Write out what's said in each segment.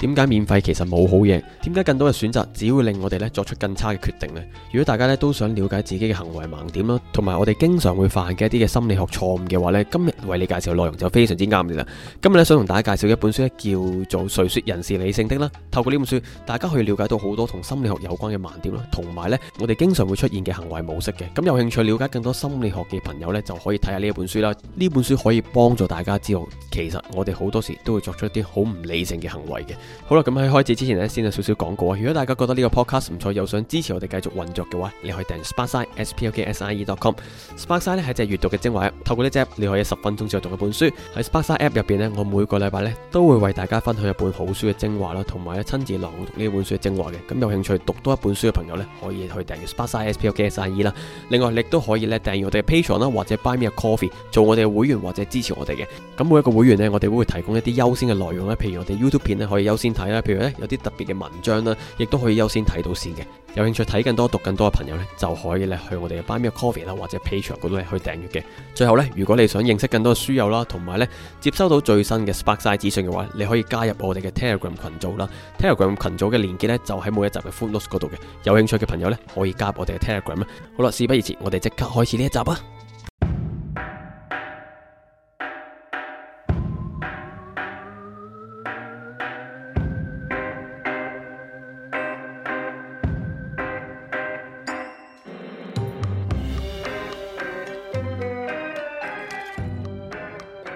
點解免費其實冇好嘢？點解更多嘅選擇只會令我哋咧作出更差嘅決定呢？如果大家咧都想了解自己嘅行為盲點啦，同埋我哋經常會犯嘅一啲嘅心理學錯誤嘅話呢，今日為你介紹嘅內容就非常之啱嘅啦。今日咧想同大家介紹一本書，叫做《誰說人是理性的》啦。透過呢本書，大家可以了解到好多同心理學有關嘅盲點啦，同埋呢我哋經常會出現嘅行為模式嘅。咁有興趣了解更多心理學嘅朋友呢，就可以睇下呢一本書啦。呢本書可以幫助大家知道，其實我哋好多時都會作出一啲好唔理性嘅行為嘅。好啦，咁喺開始之前呢，先有少少講過。如果大家覺得呢個 podcast 唔錯，又想支持我哋繼續運作嘅話，你可以訂閱 Sparkside, s p l k s i e dot com。Sparkside 咧係隻閱讀嘅精華 app，透過呢隻 app，你可以十分鐘就讀一本書。喺 Sparkside app 入邊呢，我每個禮拜呢，都會為大家分享一本好書嘅精華啦，同埋咧親自朗讀呢本書嘅精華嘅。咁有興趣讀多一本書嘅朋友呢，可以去訂閱 Sparkside, s p l k s i e 啦。另外你亦都可以咧訂閱我哋嘅 Patreon 啦，或者 Buy Me a Coffee 做我哋嘅會員或者支持我哋嘅。咁每一個會員呢，我哋會提供一啲優先嘅內容啦，譬如我哋 YouTube 片呢，可以優先睇啦，譬如咧有啲特別嘅文章啦，亦都可以優先睇到先嘅。有興趣睇更多，讀更多嘅朋友咧，就可以咧去我哋嘅 Buy Me a Coffee 啦，或者 Patreon 嗰度去訂閱嘅。最後咧，如果你想認識更多書友啦，同埋咧接收到最新嘅 Sparkside 資訊嘅話，你可以加入我哋嘅 Telegram 群組啦。Telegram 群組嘅鏈接咧就喺每一集嘅 Full Notes 嗰度嘅。有興趣嘅朋友咧可以加入我哋嘅 Telegram 啊。好啦，事不宜遲，我哋即刻開始呢一集啊！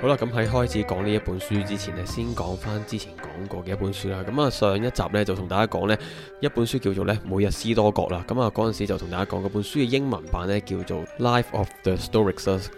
好啦，咁喺開始講呢一本書之前咧，先講翻之前講過嘅一本書啦。咁啊，上一集呢，就同大家講呢一本書叫做咧《每日斯多葛》啦。咁啊，嗰陣時就同大家講嗰本書嘅英文版呢，叫做《Life of the Stoics》。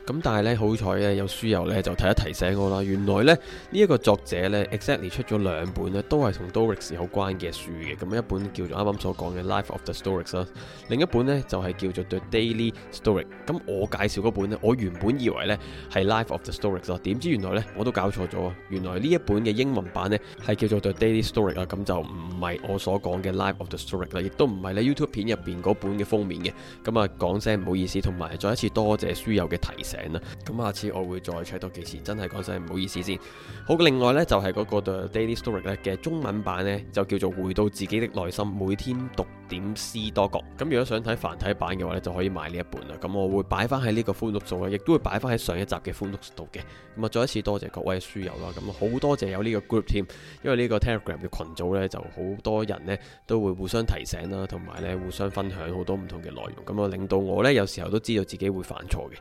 咁但係呢，好彩呢，有書友呢，就提一提醒我啦，原來呢，呢，呢一個作者呢 exactly 出咗兩本呢，都係同 Doris 有關嘅書嘅。咁一本叫做啱啱所講嘅《Life of the Stoics》啦，另一本呢，就係叫做《The Daily Stoic》。咁我介紹嗰本呢，我原本以為呢，係《Life of the Stoics》唔知原來呢，我都搞錯咗。啊。原來呢一本嘅英文版呢，係叫做《The Daily Story》啊，咁就唔係我所講嘅《Life of the Story》啦，亦都唔係你 YouTube 片入邊嗰本嘅封面嘅。咁啊，講聲唔好意思，同埋再一次多謝書友嘅提醒啦。咁下次我會再 check 多幾次，真係講聲唔好意思先。好，另外呢，就係、是、嗰個《The Daily Story》呢嘅中文版呢，就叫做《回到自己的內心》，每天讀點斯多葛。咁如果想睇繁體版嘅話呢，就可以買呢一本啦。咁我會擺翻喺呢個歡讀度啊，亦都會擺翻喺上一集嘅歡讀度嘅。咁啊～再一次多謝各位書友啦，咁好多謝有呢個 group 添，因為呢個 Telegram 嘅群組呢，就好多人呢都會互相提醒啦，同埋呢互相分享好多唔同嘅內容，咁啊令到我呢，有時候都知道自己會犯錯嘅。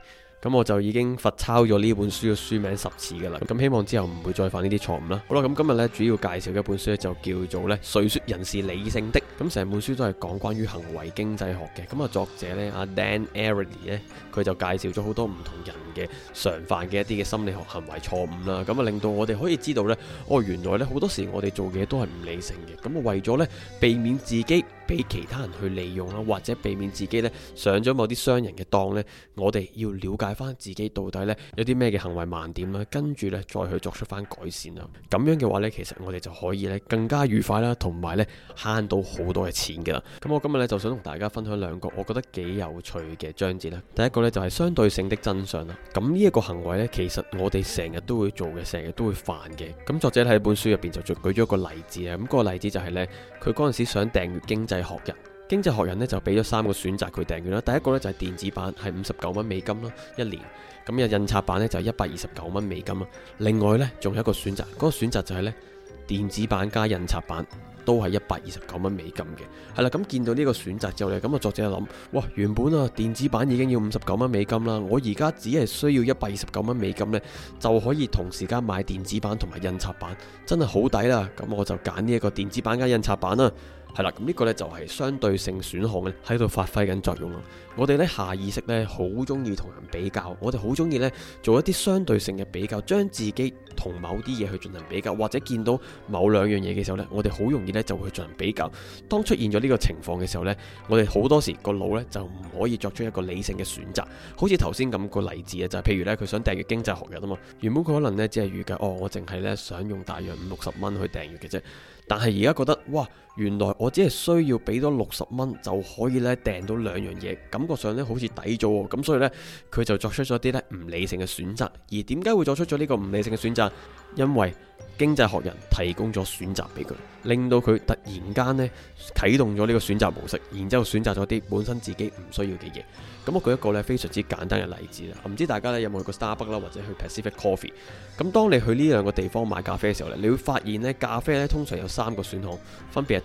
咁我就已經罰抄咗呢本書嘅書名十次㗎啦。咁希望之後唔會再犯呢啲錯誤啦。好啦，咁今日咧主要介紹嘅本書咧就叫做咧《誰說人是理性的》。咁成本書都係講關於行為經濟學嘅。咁啊，作者咧阿 Dan Ariely 咧，佢就介紹咗好多唔同人嘅常犯嘅一啲嘅心理學行為錯誤啦。咁啊，令到我哋可以知道咧，哦，原來咧好多時我哋做嘅嘢都係唔理性嘅。咁啊，為咗咧避免自己，俾其他人去利用啦，或者避免自己咧上咗某啲商人嘅當咧，我哋要了解翻自己到底咧有啲咩嘅行為盲點啦，跟住咧再去作出翻改善啦。咁樣嘅話咧，其實我哋就可以咧更加愉快啦，同埋咧慳到好多嘅錢噶啦。咁我今日咧就想同大家分享兩個我覺得幾有趣嘅章節啦。第一個咧就係、是、相對性的真相啦。咁呢一個行為咧，其實我哋成日都會做嘅，成日都會犯嘅。咁作者喺本書入邊就舉咗一個例子啊。咁、那個例子就係呢佢嗰陣時想訂閱經濟。係學人，經濟學人呢就俾咗三個選擇佢訂閱啦。第一個呢就係電子版，係五十九蚊美金啦，一年咁。有印刷版呢，就一百二十九蚊美金啦。另外呢，仲有一個選擇，嗰、嗰個選擇就係呢電子版加印刷版都係一百二十九蚊美金嘅。係啦，咁見到呢個選擇之後呢，咁啊作者就諗哇，原本啊電子版已經要五十九蚊美金啦，我而家只係需要一百二十九蚊美金呢，就可以同時間買電子版同埋印刷版，真係好抵啦。咁我就揀呢一個電子版加印刷版啦。係啦，咁呢個呢就係相對性選項咧喺度發揮緊作用。我哋呢下意識呢好中意同人比較，我哋好中意呢做一啲相對性嘅比較，將自己同某啲嘢去進行比較，或者見到某兩樣嘢嘅時候呢，我哋好容易呢就會進行比較。當出現咗呢個情況嘅時候呢，我哋好多時個腦呢就唔可以作出一個理性嘅選擇。好似頭先咁個例子啊，就係譬如呢，佢想訂閱經濟學人啊嘛，原本佢可能呢只係預計哦，我淨係呢想用大約五六十蚊去訂閱嘅啫，但係而家覺得哇！原來我只係需要俾多六十蚊就可以咧訂到兩樣嘢，感覺上咧好似抵咗喎。咁所以呢，佢就作出咗啲咧唔理性嘅選擇。而點解會作出咗呢個唔理性嘅選擇？因為經濟學人提供咗選擇俾佢，令到佢突然間呢，啟動咗呢個選擇模式，然之後選擇咗啲本身自己唔需要嘅嘢。咁我舉一個咧非常之簡單嘅例子啦。唔知大家咧有冇去過 Starbucks 啦，或者去 Pacific Coffee？咁當你去呢兩個地方買咖啡嘅時候咧，你會發現咧咖啡咧通常有三個選項，分別係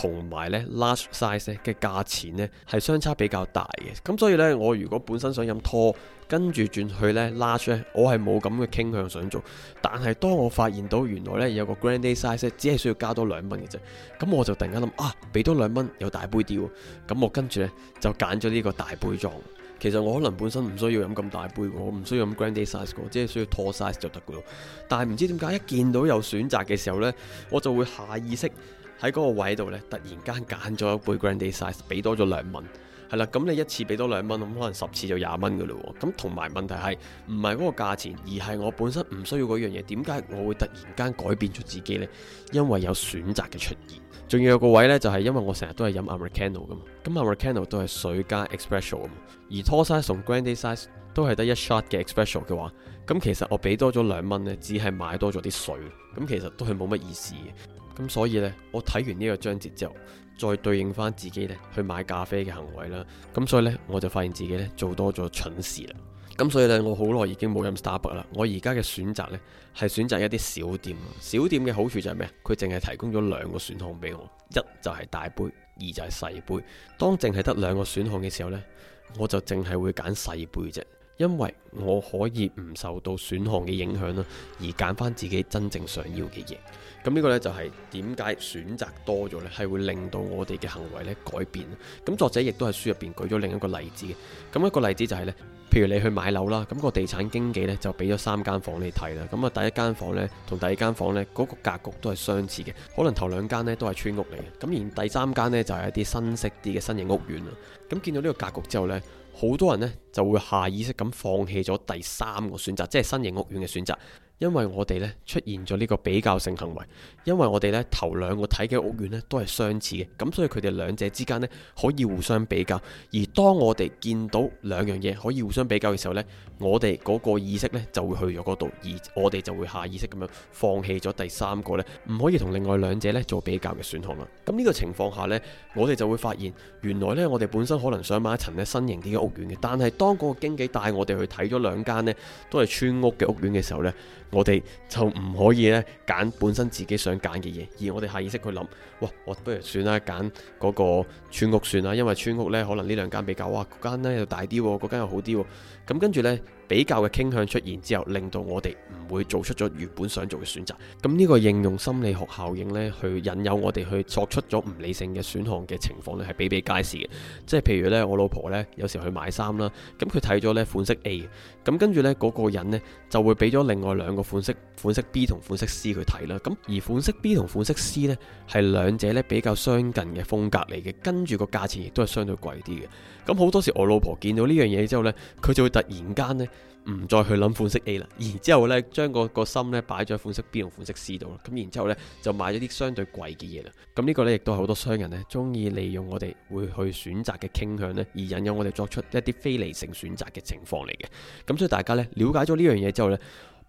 同埋咧 large size 嘅價錢呢係相差比較大嘅，咁所以呢，我如果本身想飲拖，跟住轉去呢，large 呢我係冇咁嘅傾向想做。但係當我發現到原來呢，有個 grande size 只係需要加多兩蚊嘅啫，咁我就突然間諗啊，俾多兩蚊有大杯啲喎，咁我跟住呢，就揀咗呢個大杯裝。其實我可能本身唔需要飲咁大杯，我唔需要飲 grande size 嘅，即係需要拖 size 就得嘅，但係唔知點解一見到有選擇嘅時候呢，我就會下意識喺嗰個位度呢，突然間揀咗一杯 grande size，俾多咗兩文。係啦，咁你一次俾多兩蚊，咁可能十次就廿蚊嘅咯喎。咁同埋問題係唔係嗰個價錢，而係我本身唔需要嗰樣嘢。點解我會突然間改變咗自己呢？因為有選擇嘅出現。仲要有個位呢，就係、是、因為我成日都係飲 Americano 嘅嘛。咁 Americano 都係水加 espresso 啊。而 Tall size 同 Grande size 都係得一 shot 嘅 espresso 嘅話，咁其實我俾多咗兩蚊呢，只係買多咗啲水，咁其實都係冇乜意思嘅。咁所以呢，我睇完呢個章節之後，再對應翻自己咧去買咖啡嘅行為啦，咁所以呢，我就發現自己咧做多咗蠢事啦，咁所以呢，我好耐已經冇飲 Starbucks 啦，我而家嘅選擇呢，係選擇一啲小店，小店嘅好處就係咩？佢淨係提供咗兩個選項俾我，一就係大杯，二就係細杯。當淨係得兩個選項嘅時候呢，我就淨係會揀細杯啫。因為我可以唔受到選項嘅影響啦，而揀翻自己真正想要嘅嘢。咁呢個呢，就係點解選擇多咗呢係會令到我哋嘅行為咧改變。咁作者亦都喺書入邊舉咗另一個例子嘅。咁一個例子就係呢，譬如你去買樓啦，咁個地產經紀呢，就俾咗三間房你睇啦。咁啊，第一間房呢，同第二間房呢，嗰個格局都係相似嘅，可能頭兩間呢都係村屋嚟嘅。咁而第三間呢，就係一啲新式啲嘅新型屋苑啦。咁見到呢個格局之後呢。好多人呢就會下意識咁放棄咗第三個選擇，即係新型屋苑嘅選擇。因為我哋咧出現咗呢個比較性行為。因為我哋咧頭兩個睇嘅屋苑咧都係相似嘅，咁所以佢哋兩者之間咧可以互相比較。而當我哋見到兩樣嘢可以互相比較嘅時候呢，我哋嗰個意識咧就會去咗嗰度，而我哋就會下意識咁樣放棄咗第三個呢，唔可以同另外兩者咧做比較嘅選項啦。咁呢個情況下呢，我哋就會發現原來呢，我哋本身可能想買一層咧新型啲嘅屋苑嘅，但係當嗰個經紀帶我哋去睇咗兩間咧都係村屋嘅屋苑嘅時候咧。我哋就唔可以咧揀本身自己想揀嘅嘢，而我哋下意識去諗，哇，我不如算啦，揀嗰個村屋算啦，因為村屋咧可能呢兩間比較哇，嗰間咧又大啲，嗰間又好啲，咁跟住咧比較嘅傾向出現之後，令到我哋唔會做出咗原本想做嘅選擇，咁呢個應用心理學效應咧，去引誘我哋去作出咗唔理性嘅選項嘅情況咧，係比比皆是嘅。即係譬如咧，我老婆咧有時去買衫啦，咁佢睇咗咧款式 A，咁跟住咧嗰個人咧就會俾咗另外兩。個款式、款式 B 同款式 C 去睇啦。咁而款式 B 同款式 C 呢，係兩者呢比較相近嘅風格嚟嘅，跟住個價錢亦都係相對貴啲嘅。咁好多時我老婆見到呢樣嘢之後呢，佢就會突然間呢唔再去諗款式 A 啦，然之後呢將個個心呢擺咗喺款式 B 同款式 C 度啦。咁然之後呢就買咗啲相對貴嘅嘢啦。咁、這、呢個呢，亦都係好多商人呢中意利用我哋會去選擇嘅傾向呢，而引誘我哋作出一啲非理性選擇嘅情況嚟嘅。咁所以大家呢，了解咗呢樣嘢之後呢。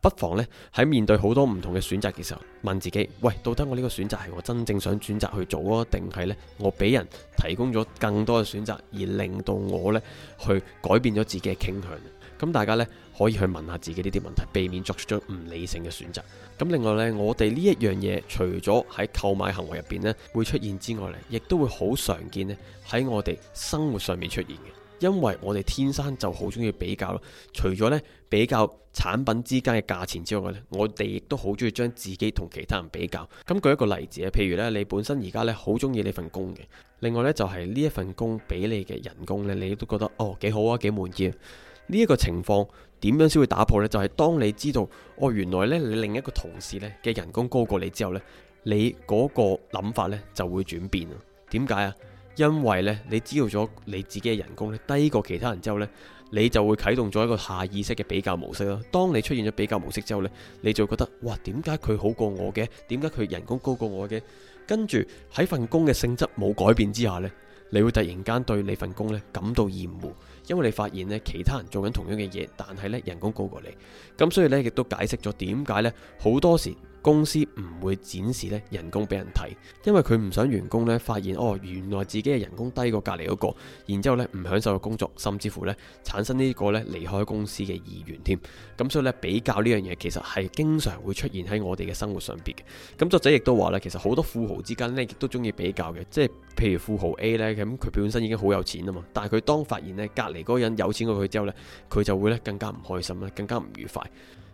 不妨咧喺面對好多唔同嘅選擇嘅時候，問自己：喂，到底我呢個選擇係我真正想選擇去做咯，定係呢？我俾人提供咗更多嘅選擇，而令到我呢去改變咗自己嘅傾向？咁、嗯、大家呢，可以去問下自己呢啲問題，避免作出咗唔理性嘅選擇。咁、嗯、另外呢，我哋呢一樣嘢，除咗喺購買行為入邊呢，會出現之外呢，亦都會好常見呢喺我哋生活上面出現嘅。因為我哋天生就好中意比較咯，除咗咧比較產品之間嘅價錢之外咧，我哋亦都好中意將自己同其他人比較。咁、嗯、舉一個例子啊，譬如咧你本身而家咧好中意呢份工嘅，另外咧就係呢一份工俾你嘅人工咧，你都覺得哦幾好啊，幾滿意。呢、這、一個情況點樣先會打破呢？就係、是、當你知道哦原來咧你另一個同事咧嘅人工高過你之後咧，你嗰個諗法咧就會轉變啊。點解啊？因為咧，你知道咗你自己嘅人工咧低過其他人之後呢，你就會啟動咗一個下意識嘅比較模式咯。當你出現咗比較模式之後呢，你就會覺得哇，點解佢好過我嘅？點解佢人工高過我嘅？跟住喺份工嘅性質冇改變之下呢，你會突然間對你份工咧感到厭惡，因為你發現咧其他人做緊同樣嘅嘢，但係咧人工高過你。咁所以呢，亦都解釋咗點解呢好多時。公司唔會展示咧人工俾人睇，因為佢唔想員工咧發現哦，原來自己嘅人工低過隔籬嗰個，然之後咧唔享受嗰個工作，甚至乎咧產生呢個咧離開公司嘅意願添。咁、嗯、所以咧比較呢樣嘢，其實係經常會出現喺我哋嘅生活上邊嘅。咁、嗯、作者亦都話咧，其實好多富豪之間咧亦都中意比較嘅，即係譬如富豪 A 咧，咁佢本身已經好有錢啊嘛，但係佢當發現咧隔籬嗰個人有錢過佢之後咧，佢就會咧更加唔開心啦，更加唔愉快。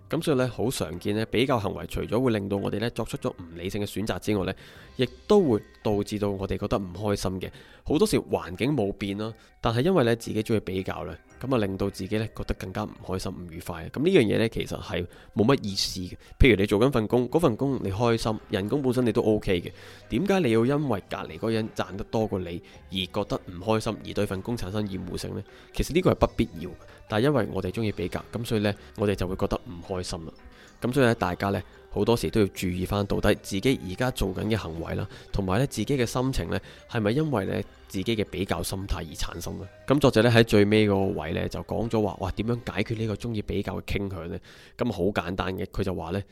咁所以咧，好常見咧，比較行為除咗會令到我哋咧作出咗唔理性嘅選擇之外咧，亦都會導致到我哋覺得唔開心嘅。好多時環境冇變啦，但係因為咧自己中意比較咧。咁啊，令到自己咧覺得更加唔開心、唔愉快嘅。咁呢樣嘢呢，其實係冇乜意思嘅。譬如你做緊份工，嗰份工你開心，人工本身你都 OK 嘅，點解你要因為隔離嗰人賺得多過你而覺得唔開心，而對份工產生厭惡性呢？其實呢個係不必要嘅，但係因為我哋中意比較，咁所以呢，我哋就會覺得唔開心啦。咁所以咧，大家咧好多時都要注意翻，到底自己而家做緊嘅行為啦，同埋咧自己嘅心情咧，係咪因為咧自己嘅比較心態而產生咧？咁作者咧喺最尾嗰個位咧就講咗話，哇，點樣解決呢個中意比較嘅傾向咧？咁好簡單嘅，佢就話咧，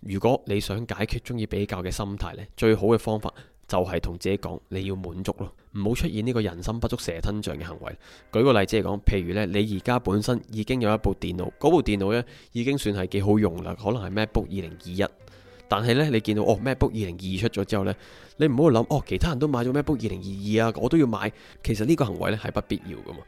如果你想解決中意比較嘅心態咧，最好嘅方法就係同自己講，你要滿足咯。唔好出現呢個人心不足蛇吞象嘅行為。舉個例子嚟講，譬如咧，你而家本身已經有一部電腦，嗰部電腦咧已經算係幾好用啦，可能係 MacBook 二零二一。但係咧，你見到哦，MacBook 二零二二出咗之後呢，你唔好諗哦，其他人都買咗 MacBook 二零二二啊，我都要買。其實呢個行為呢係不必要嘅嘛，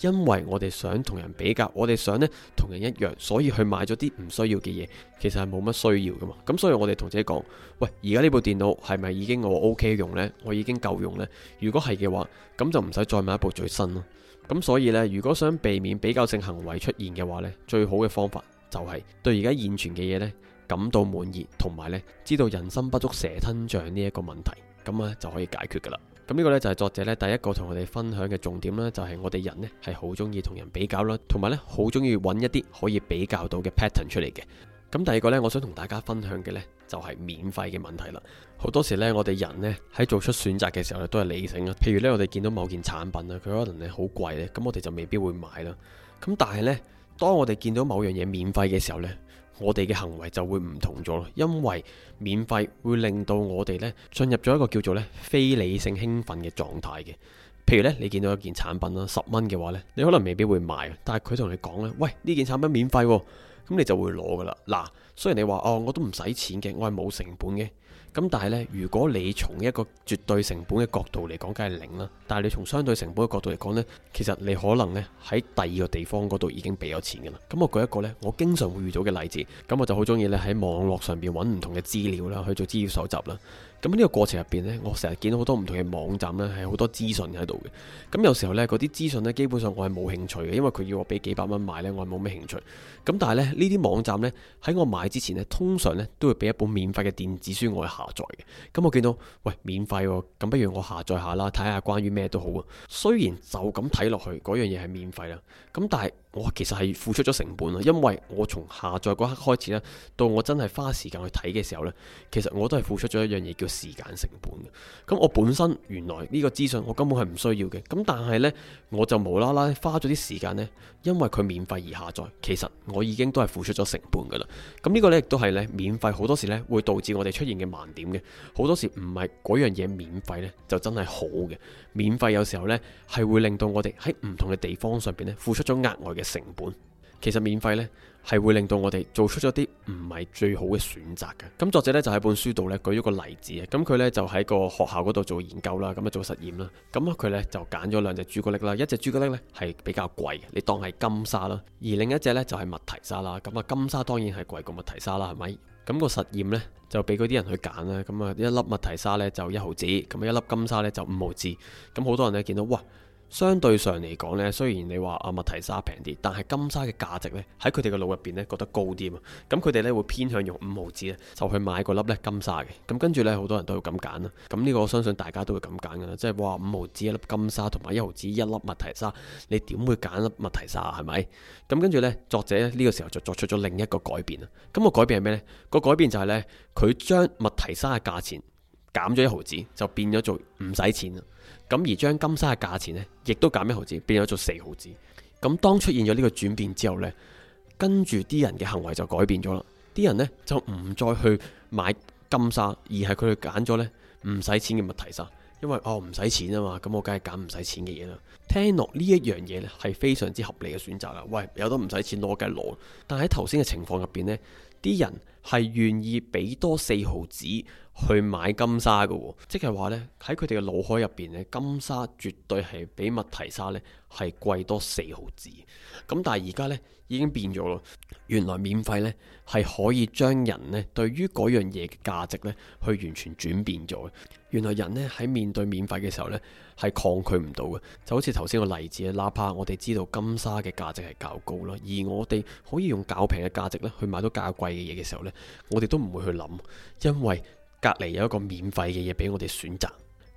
因為我哋想同人比較，我哋想呢同人一樣，所以去買咗啲唔需要嘅嘢，其實係冇乜需要嘅嘛。咁所以我哋同自己講，喂，而家呢部電腦係咪已經我 OK 用呢？我已經夠用呢？如果係嘅話，咁就唔使再買一部最新咯。咁所以呢，如果想避免比較性行為出現嘅話呢，最好嘅方法就係對而家現存嘅嘢呢。感到滿意同埋咧，知道人心不足蛇吞象呢一個問題，咁啊就可以解決㗎喇。咁呢個呢，就係作者咧第一個同我哋分享嘅重點啦，就係我哋人呢係好中意同人比較啦，同埋咧好中意揾一啲可以比較到嘅 pattern 出嚟嘅。咁第二個呢，我想同大家分享嘅呢，就係免費嘅問題啦。好多時呢，我哋人呢喺做出選擇嘅時候咧都係理性嘅。譬如呢，我哋見到某件產品啊，佢可能咧好貴咧，咁我哋就未必會買啦。咁但係呢，當我哋見到某樣嘢免費嘅時候呢。我哋嘅行為就會唔同咗，因為免費會令到我哋咧進入咗一個叫做咧非理性興奮嘅狀態嘅。譬如咧，你見到一件產品啦，十蚊嘅話咧，你可能未必會買，但係佢同你講咧，喂呢件產品免費啊，咁你就會攞噶啦。嗱，雖然你話哦，我都唔使錢嘅，我係冇成本嘅。咁但係咧，如果你從一個絕對成本嘅角度嚟講，梗係零啦。但係你從相對成本嘅角度嚟講呢，其實你可能呢喺第二個地方嗰度已經俾咗錢㗎啦。咁、嗯、我舉一個呢，我經常會遇到嘅例子。咁、嗯、我就好鍾意咧喺網絡上邊揾唔同嘅資料啦，去做資料搜集啦。咁、嗯、呢、呢個過程入邊呢，我成日見到好多唔同嘅網站呢係好多資訊喺度嘅。咁、嗯、有時候呢，嗰啲資訊呢基本上我係冇興趣嘅，因為佢要我俾幾百蚊買、嗯、呢，我係冇咩興趣。咁但係呢，呢啲網站呢喺我買之前呢，通常呢都會俾一本免費嘅電子書我考，下載嘅，咁我見到，喂，免費啊，咁不如我下載下啦，睇下關於咩都好啊。雖然就咁睇落去，嗰樣嘢係免費啦，咁但係。我其實係付出咗成本啊，因為我從下載嗰刻開始咧，到我真係花時間去睇嘅時候呢，其實我都係付出咗一樣嘢叫時間成本嘅。咁我本身原來呢個資訊我根本係唔需要嘅，咁但係呢，我就無啦啦花咗啲時間呢，因為佢免費而下載，其實我已經都係付出咗成本噶啦。咁呢個呢，亦都係呢免費好多時呢，會導致我哋出現嘅盲點嘅，好多時唔係嗰樣嘢免費呢，就真係好嘅，免費有時候呢，係會令到我哋喺唔同嘅地方上邊呢，付出咗額外。嘅成本，其實免費呢，係會令到我哋做出咗啲唔係最好嘅選擇嘅。咁作者呢就喺本書度呢舉咗個例子啊。咁佢呢就喺個學校嗰度做研究啦，咁啊做實驗啦。咁啊佢呢就揀咗兩隻朱古力啦，一隻朱古力呢係比較貴，你當係金沙啦，而另一隻呢就係麥提沙啦。咁啊金沙當然係貴過麥提沙啦，係咪？咁個實驗呢就俾嗰啲人去揀啦。咁啊一粒麥提沙呢就一毫子，咁一粒金沙呢就五毫子。咁好多人呢見到哇！相對上嚟講呢，雖然你話啊，麥提莎平啲，但係金沙嘅價值呢，喺佢哋嘅腦入邊呢，覺得高啲啊，咁佢哋呢會偏向用五毫子呢，就去買嗰粒呢金沙嘅，咁跟住呢，好多人都會咁揀啦，咁呢個我相信大家都會咁揀噶啦，即係話五毫子一粒金沙，同埋一毫子一粒麥提莎，你點會揀粒麥提莎？啊？係咪？咁跟住呢，作者咧呢，呢個時候就作出咗另一個改變啊，咁個改變係咩呢？個改變就係呢，佢將麥提莎嘅價錢減咗一毫子，就變咗做唔使錢啦。咁而將金沙嘅價錢呢，亦都減一毫子，變咗做四毫子。咁當出現咗呢個轉變之後呢，跟住啲人嘅行為就改變咗啦。啲人呢，就唔再去買金沙，而係佢哋揀咗呢唔使錢嘅物體沙。因為哦唔使錢啊嘛，咁我梗係揀唔使錢嘅嘢啦。聽落呢一樣嘢呢，係非常之合理嘅選擇啦。喂，有得唔使錢攞梗係攞。但喺頭先嘅情況入邊呢，啲人係願意俾多四毫子去買金沙噶，即係話呢，喺佢哋嘅腦海入邊呢，金沙絕對係比麥提莎呢係貴多四毫子。咁但係而家呢，已經變咗咯，原來免費呢係可以將人呢對於嗰樣嘢嘅價值呢去完全轉變咗。原來人呢喺面對免費嘅時候呢，係抗拒唔到嘅，就好似頭先個例子啊，哪怕我哋知道金沙嘅價值係較高咯，而我哋可以用較平嘅價值呢去買到較貴嘅嘢嘅時候呢，我哋都唔會去諗，因為隔籬有一個免費嘅嘢俾我哋選擇，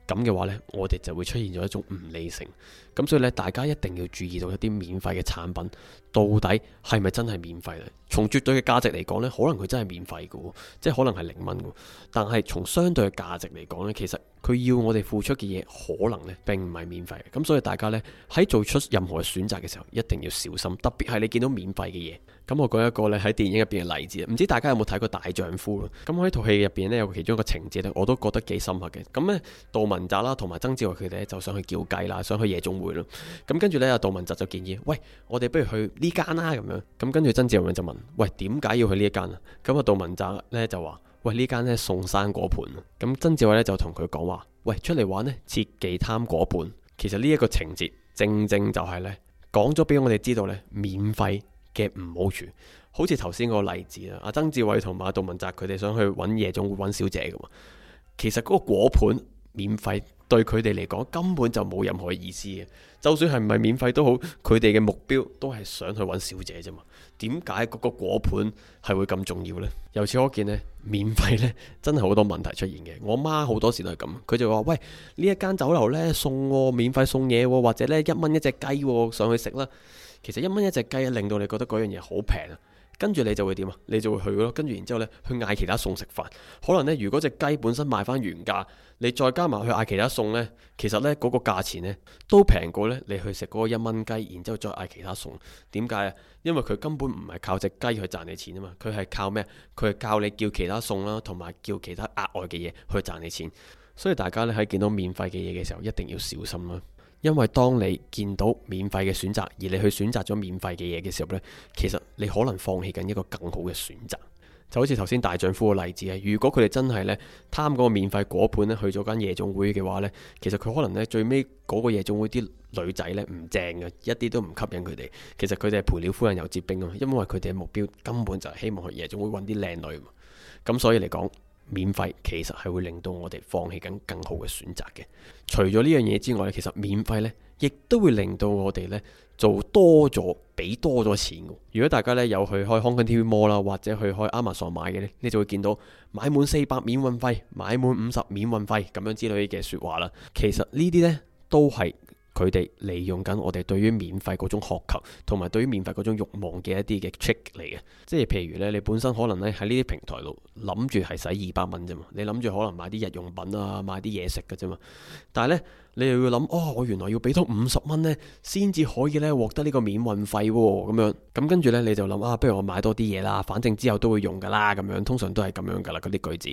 咁嘅話呢，我哋就會出現咗一種唔理性，咁所以咧大家一定要注意到一啲免費嘅產品。到底係咪真係免費咧？從絕對嘅價值嚟講呢，可能佢真係免費嘅，即係可能係零蚊嘅。但係從相對嘅價值嚟講呢，其實佢要我哋付出嘅嘢可能呢並唔係免費嘅。咁所以大家呢，喺做出任何選擇嘅時候，一定要小心，特別係你見到免費嘅嘢。咁、嗯、我舉一個呢喺電影入邊嘅例子，唔知大家有冇睇過《大丈夫》咯？咁我喺套戲入邊呢，面有其中一個情節呢，我都覺得幾深刻嘅。咁、嗯、呢，杜汶澤啦，同埋曾志偉佢哋就想去叫雞啦，想去夜總會啦。咁跟住呢，杜汶澤就建議：，喂，我哋不如去。呢間啦、啊，咁樣，咁跟住曾志偉就問：喂，點解要去呢一間啊？咁啊，杜汶澤呢就話：喂，呢間呢，送生果盤啊！咁曾志偉呢就同佢講話：喂，出嚟玩呢，切忌貪果盤。其實呢一個情節正正就係、是、呢，講咗俾我哋知道呢，免費嘅唔好處，好似頭先個例子啊，阿曾志偉同埋阿杜汶澤佢哋想去揾夜總會揾小姐噶嘛，其實嗰個果盤免費。對佢哋嚟講根本就冇任何意思嘅，就算係唔係免費都好，佢哋嘅目標都係想去搵小姐啫嘛。點解嗰個果盤係會咁重要呢？由此可見呢，免費呢真係好多問題出現嘅。我媽好多時都係咁，佢就話：喂，呢一間酒樓呢，送我免費送嘢喎，或者呢一蚊，一隻雞上去食啦。其實一蚊一隻雞啊，令到你覺得嗰樣嘢好平啊。跟住你就會點啊？你就會去咯。跟住然之後呢，去嗌其他餸食飯。可能呢，如果隻雞本身賣翻原價，你再加埋去嗌其他餸呢，其實呢，嗰個價錢呢，都平過呢。你去食嗰一蚊雞，然之後再嗌其他餸。點解啊？因為佢根本唔係靠隻雞去賺你錢啊嘛。佢係靠咩？佢係教你叫其他餸啦，同埋叫其他額外嘅嘢去賺你錢。所以大家呢，喺見到免費嘅嘢嘅時候，一定要小心啦。因為當你見到免費嘅選擇，而你去選擇咗免費嘅嘢嘅時候呢，其實你可能放棄緊一個更好嘅選擇。就好似頭先大丈夫嘅例子啊，如果佢哋真係呢貪嗰個免費果盤咧，去咗間夜總會嘅話呢，其實佢可能呢最尾嗰個夜總會啲女仔呢唔正嘅，一啲都唔吸引佢哋。其實佢哋係賠了夫人又折兵啊，嘛，因為佢哋嘅目標根本就係希望去夜總會揾啲靚女嘛。咁、嗯、所以嚟講。免費其實係會令到我哋放棄緊更，更好嘅選擇嘅。除咗呢樣嘢之外咧，其實免費咧，亦都會令到我哋咧做多咗，俾多咗錢嘅。如果大家咧有去開 Hong Kong TV Mall 啦，或者去開 Amazon 買嘅咧，你就會見到買滿四百免運費，買滿五十免運費咁樣之類嘅説話啦。其實呢啲咧都係。佢哋利用緊我哋對於免費嗰種渴求，同埋對於免費嗰種慾望嘅一啲嘅 trick 嚟嘅，即係譬如咧，你本身可能咧喺呢啲平台度諗住係使二百蚊啫嘛，你諗住可能買啲日用品啊，買啲嘢食㗎啫嘛，但係呢，你又要諗，哦，我原來要俾多五十蚊呢，先至可以呢獲得呢個免運費喎，咁樣，咁跟住呢，你就諗啊，不如我買多啲嘢啦，反正之後都會用㗎啦，咁樣通常都係咁樣㗎啦，嗰啲句子，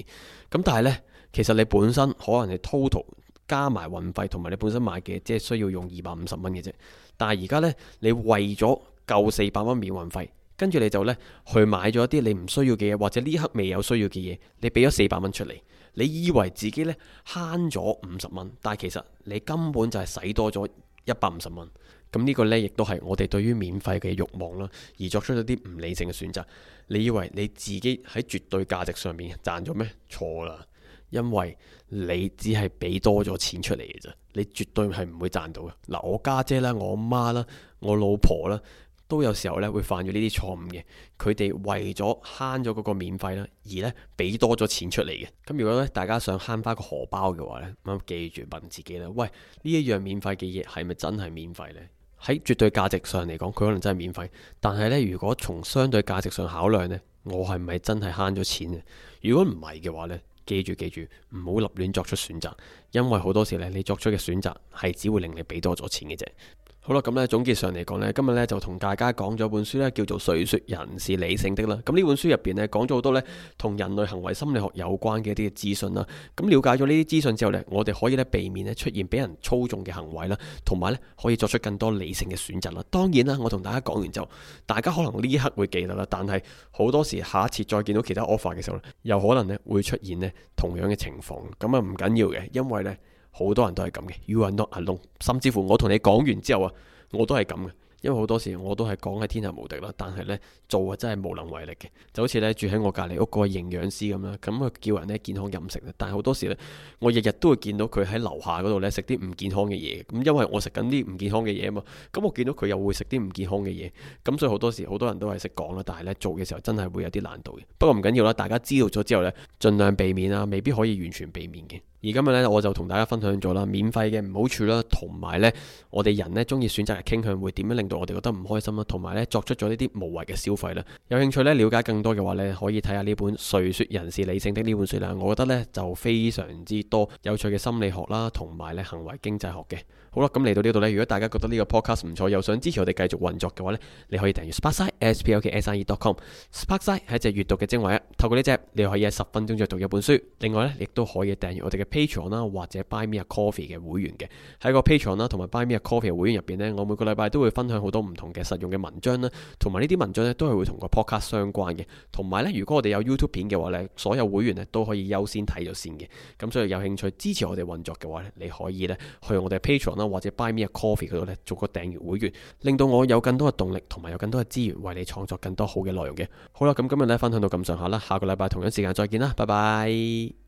咁但係呢，其實你本身可能係 total。加埋運費同埋你本身買嘅，即係需要用二百五十蚊嘅啫。但係而家呢，你為咗夠四百蚊免運費，跟住你就呢去買咗一啲你唔需要嘅嘢，或者呢刻未有需要嘅嘢，你俾咗四百蚊出嚟，你以為自己呢慳咗五十蚊，但係其實你根本就係使多咗一百五十蚊。咁呢個呢，亦都係我哋對於免費嘅慾望啦，而作出咗啲唔理性嘅選擇。你以為你自己喺絕對價值上面賺咗咩？錯啦！因為你只係俾多咗錢出嚟嘅啫，你絕對係唔會賺到嘅。嗱，我家姐啦、我媽啦、我老婆啦，都有時候咧會犯咗呢啲錯誤嘅。佢哋為咗慳咗嗰個免費啦，而咧俾多咗錢出嚟嘅。咁如果咧大家想慳翻個荷包嘅話咧，咁記住問自己啦：喂，呢一樣免費嘅嘢係咪真係免費呢？喺絕對價值上嚟講，佢可能真係免費，但係咧如果從相對價值上考量呢，我係咪真係慳咗錢啊？如果唔係嘅話呢。記住記住，唔好立亂作出選擇，因為好多時咧，你作出嘅選擇係只會令你俾多咗錢嘅啫。好啦，咁咧總結上嚟講呢，今日呢，就同大家講咗本書呢，叫做《誰說人是理性的》啦。咁呢本書入邊呢，講咗好多呢，同人類行為心理學有關嘅一啲嘅資訊啦。咁了解咗呢啲資訊之後呢，我哋可以呢，避免呢，出現俾人操縱嘅行為啦，同埋呢，可以作出更多理性嘅選擇啦。當然啦，我同大家講完之後，大家可能呢刻會記得啦，但係好多時下一次再見到其他 offer 嘅時候呢，有可能呢，會出現呢同樣嘅情況。咁啊唔緊要嘅，因為呢。.好多人都係咁嘅，you are not alone。甚至乎我同你講完之後啊，我都係咁嘅，因為好多時我都係講喺天下無敵啦。但係呢，做啊真係無能為力嘅，就好似呢住喺我隔籬屋個營養師咁啦，咁佢叫人呢健康飲食。但係好多時呢，我日日都會見到佢喺樓下嗰度呢食啲唔健康嘅嘢。咁因為我食緊啲唔健康嘅嘢啊嘛，咁我見到佢又會食啲唔健康嘅嘢。咁所以好多時好多人都係識講啦，但係呢做嘅時候真係會有啲難度嘅。不過唔緊要啦，大家知道咗之後呢，盡量避免啦，未必可以完全避免嘅。而今日咧，我就同大家分享咗啦，免費嘅唔好處啦，同埋呢，我哋人呢中意選擇嘅傾向會點樣令到我哋覺得唔開心啦，同埋呢作出咗呢啲無謂嘅消費啦。有興趣呢，了解更多嘅話呢，可以睇下呢本《誰説人是理性的》呢本書啦。我覺得呢就非常之多有趣嘅心理學啦，同埋呢行為經濟學嘅。好啦，咁嚟到呢度呢，如果大家覺得呢個 podcast 唔錯，又想支持我哋繼續運作嘅話呢，你可以訂閱 SparkSide，sparkside.com，SparkSide 係一隻閲讀嘅精華啊！透過呢隻，你可以喺十分鐘內讀一本書。另外呢，亦都可以訂閱我哋嘅。Patreon 啦，或者 Buy Me a Coffee 嘅會員嘅，喺個 Patreon 啦，同埋 Buy Me a Coffee 嘅會員入邊呢，我每個禮拜都會分享好多唔同嘅實用嘅文章啦，同埋呢啲文章呢，都係會同個 podcast 相關嘅。同埋呢，如果我哋有 YouTube 片嘅話呢，所有會員咧都可以優先睇咗先嘅。咁所以有興趣支持我哋運作嘅話呢，你可以呢去我哋 Patreon 啦，或者 Buy Me a Coffee 嗰度呢，做個訂閱會員，令到我有更多嘅動力，同埋有更多嘅資源為你創作更多好嘅內容嘅。好啦，咁今日呢，分享到咁上下啦，下個禮拜同樣時間再見啦，拜拜。